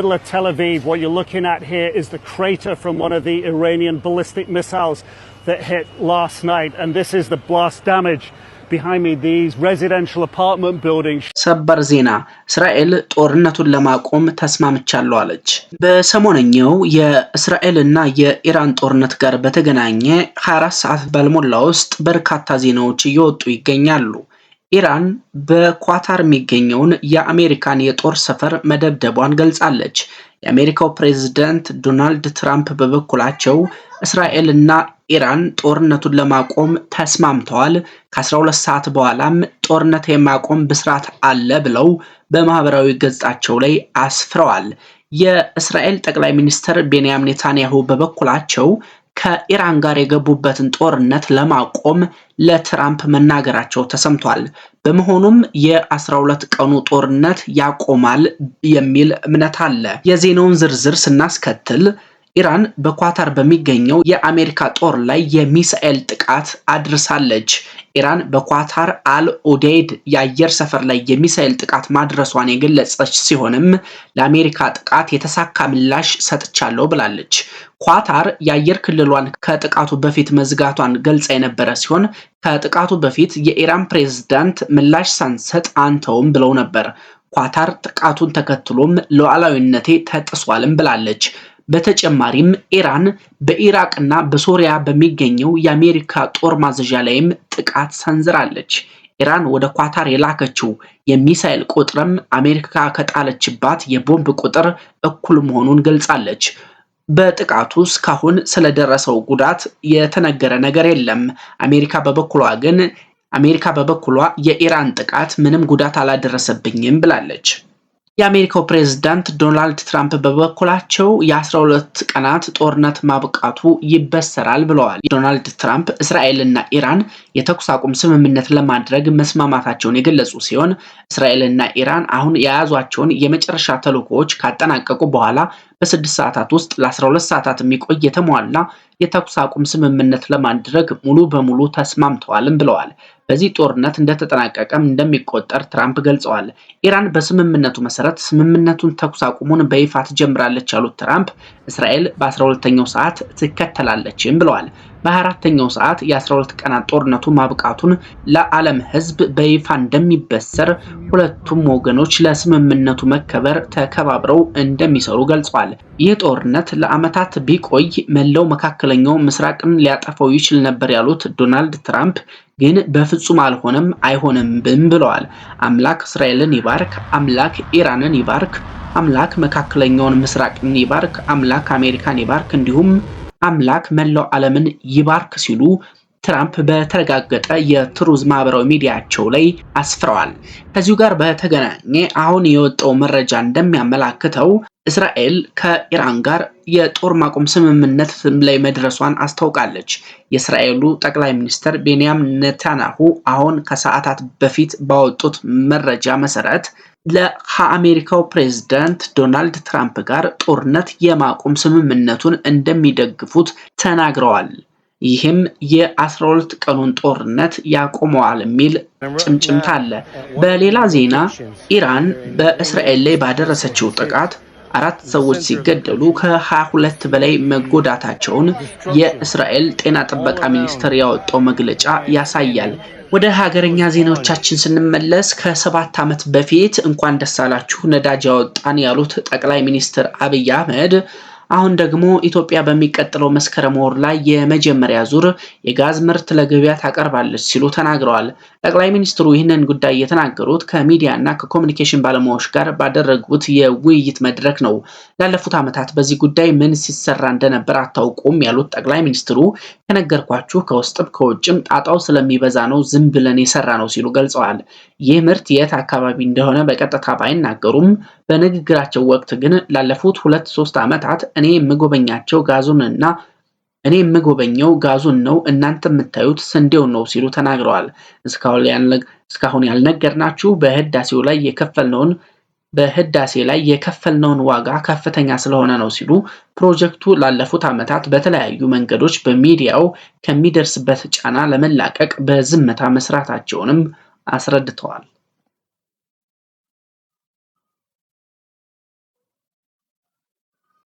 middle of Tel Aviv, what you're looking at here is the crater from one of the Iranian ballistic missiles that hit last night. And this is the blast damage behind me, these residential apartment buildings. ሰበር ዜና እስራኤል ጦርነቱን ለማቆም ተስማምቻለሁ አለች። በሰሞነኛው የእስራኤልና የኢራን ጦርነት ጋር በተገናኘ 24 ሰዓት ባልሞላ ውስጥ በርካታ ዜናዎች እየወጡ ይገኛሉ። ኢራን በኳታር የሚገኘውን የአሜሪካን የጦር ሰፈር መደብደቧን ገልጻለች። የአሜሪካው ፕሬዝዳንት ዶናልድ ትራምፕ በበኩላቸው እስራኤልና ኢራን ጦርነቱን ለማቆም ተስማምተዋል፣ ከ12 ሰዓት በኋላም ጦርነት የማቆም ብስራት አለ ብለው በማህበራዊ ገጻቸው ላይ አስፍረዋል። የእስራኤል ጠቅላይ ሚኒስትር ቤንያም ኔታንያሁ በበኩላቸው ከኢራን ጋር የገቡበትን ጦርነት ለማቆም ለትራምፕ መናገራቸው ተሰምቷል። በመሆኑም የ12 ቀኑ ጦርነት ያቆማል የሚል እምነት አለ። የዜናውን ዝርዝር ስናስከትል ኢራን በኳታር በሚገኘው የአሜሪካ ጦር ላይ የሚሳኤል ጥቃት አድርሳለች። ኢራን በኳታር አል ኡዴይድ የአየር ሰፈር ላይ የሚሳኤል ጥቃት ማድረሷን የገለጸች ሲሆንም ለአሜሪካ ጥቃት የተሳካ ምላሽ ሰጥቻለሁ ብላለች። ኳታር የአየር ክልሏን ከጥቃቱ በፊት መዝጋቷን ገልጻ የነበረ ሲሆን ከጥቃቱ በፊት የኢራን ፕሬዝዳንት ምላሽ ሳንሰጥ አንተውም ብለው ነበር። ኳታር ጥቃቱን ተከትሎም ሉዓላዊነቴ ተጥሷልም ብላለች። በተጨማሪም ኢራን በኢራቅና በሶሪያ በሚገኘው የአሜሪካ ጦር ማዘዣ ላይም ጥቃት ሰንዝራለች። ኢራን ወደ ኳታር የላከችው የሚሳኤል ቁጥርም አሜሪካ ከጣለችባት የቦምብ ቁጥር እኩል መሆኑን ገልጻለች። በጥቃቱ እስካሁን ስለደረሰው ጉዳት የተነገረ ነገር የለም። አሜሪካ በበኩሏ ግን አሜሪካ በበኩሏ የኢራን ጥቃት ምንም ጉዳት አላደረሰብኝም ብላለች። የአሜሪካው ፕሬዝዳንት ዶናልድ ትራምፕ በበኩላቸው የአስራ ሁለት ቀናት ጦርነት ማብቃቱ ይበሰራል ብለዋል። ዶናልድ ትራምፕ እስራኤልና ኢራን የተኩስ አቁም ስምምነት ለማድረግ መስማማታቸውን የገለጹ ሲሆን እስራኤልና ኢራን አሁን የያዟቸውን የመጨረሻ ተልኮዎች ካጠናቀቁ በኋላ በስድስት ሰዓታት ውስጥ ለአስራ ሁለት ሰዓታት የሚቆይ የተሟላ የተኩስ አቁም ስምምነት ለማድረግ ሙሉ በሙሉ ተስማምተዋልም ብለዋል። በዚህ ጦርነት እንደተጠናቀቀም እንደሚቆጠር ትራምፕ ገልጸዋል። ኢራን በስምምነቱ መሰረት ስምምነቱን ተኩስ አቁሙን በይፋ ትጀምራለች ያሉት ትራምፕ እስራኤል በ12ኛው ሰዓት ትከተላለችም ብለዋል። በአራተኛው ሰዓት የ12 ቀናት ጦርነቱ ማብቃቱን ለዓለም ሕዝብ በይፋ እንደሚበሰር ሁለቱም ወገኖች ለስምምነቱ መከበር ተከባብረው እንደሚሰሩ ገልጿል። ይህ ጦርነት ለዓመታት ቢቆይ መላው መካከለኛው ምስራቅን ሊያጠፋው ይችል ነበር ያሉት ዶናልድ ትራምፕ ግን በፍጹም አልሆነም አይሆንምም ብለዋል። አምላክ እስራኤልን ይባርክ፣ አምላክ ኢራንን ይባርክ፣ አምላክ መካከለኛውን ምስራቅን ይባርክ፣ አምላክ አሜሪካን ይባርክ እንዲሁም አምላክ መላው ዓለምን ይባርክ ሲሉ ትራምፕ በተረጋገጠ የትሩዝ ማህበራዊ ሚዲያቸው ላይ አስፍረዋል። ከዚሁ ጋር በተገናኘ አሁን የወጣው መረጃ እንደሚያመላክተው እስራኤል ከኢራን ጋር የጦር ማቆም ስምምነት ላይ መድረሷን አስታውቃለች። የእስራኤሉ ጠቅላይ ሚኒስትር ቤንያም ኔታንያሁ አሁን ከሰዓታት በፊት ባወጡት መረጃ መሰረት ለአሜሪካው ፕሬዝዳንት ዶናልድ ትራምፕ ጋር ጦርነት የማቆም ስምምነቱን እንደሚደግፉት ተናግረዋል። ይህም የ12 ቀኑን ጦርነት ያቆመዋል የሚል ጭምጭምታ አለ። በሌላ ዜና ኢራን በእስራኤል ላይ ባደረሰችው ጥቃት አራት ሰዎች ሲገደሉ ከ22 በላይ መጎዳታቸውን የእስራኤል ጤና ጥበቃ ሚኒስቴር ያወጣው መግለጫ ያሳያል። ወደ ሀገረኛ ዜናዎቻችን ስንመለስ ከሰባት ዓመት በፊት እንኳን ደስ አላችሁ ነዳጅ ያወጣን ያሉት ጠቅላይ ሚኒስትር አብይ አህመድ አሁን ደግሞ ኢትዮጵያ በሚቀጥለው መስከረም ወር ላይ የመጀመሪያ ዙር የጋዝ ምርት ለገበያ ታቀርባለች ሲሉ ተናግረዋል። ጠቅላይ ሚኒስትሩ ይህንን ጉዳይ የተናገሩት ከሚዲያ እና ከኮሚኒኬሽን ባለሙያዎች ጋር ባደረጉት የውይይት መድረክ ነው። ላለፉት ዓመታት በዚህ ጉዳይ ምን ሲሰራ እንደነበር አታውቁም ያሉት ጠቅላይ ሚኒስትሩ ከነገርኳችሁ ከውስጥም ከውጭም ጣጣው ስለሚበዛ ነው ዝም ብለን የሰራ ነው ሲሉ ገልጸዋል። ይህ ምርት የት አካባቢ እንደሆነ በቀጥታ ባይናገሩም በንግግራቸው ወቅት ግን ላለፉት ሁለት ሶስት ዓመታት እኔ የምጎበኛቸው እና እኔ የምጎበኘው ጋዙን ነው እናንተ የምታዩት ስንዴውን ነው ሲሉ ተናግረዋል። እስካሁን ያልነገርናችሁ በህዳሴው ላይ የከፈልነውን በህዳሴ ላይ የከፈልነውን ዋጋ ከፍተኛ ስለሆነ ነው ሲሉ ፕሮጀክቱ ላለፉት ዓመታት በተለያዩ መንገዶች በሚዲያው ከሚደርስበት ጫና ለመላቀቅ በዝምታ መስራታቸውንም አስረድተዋል።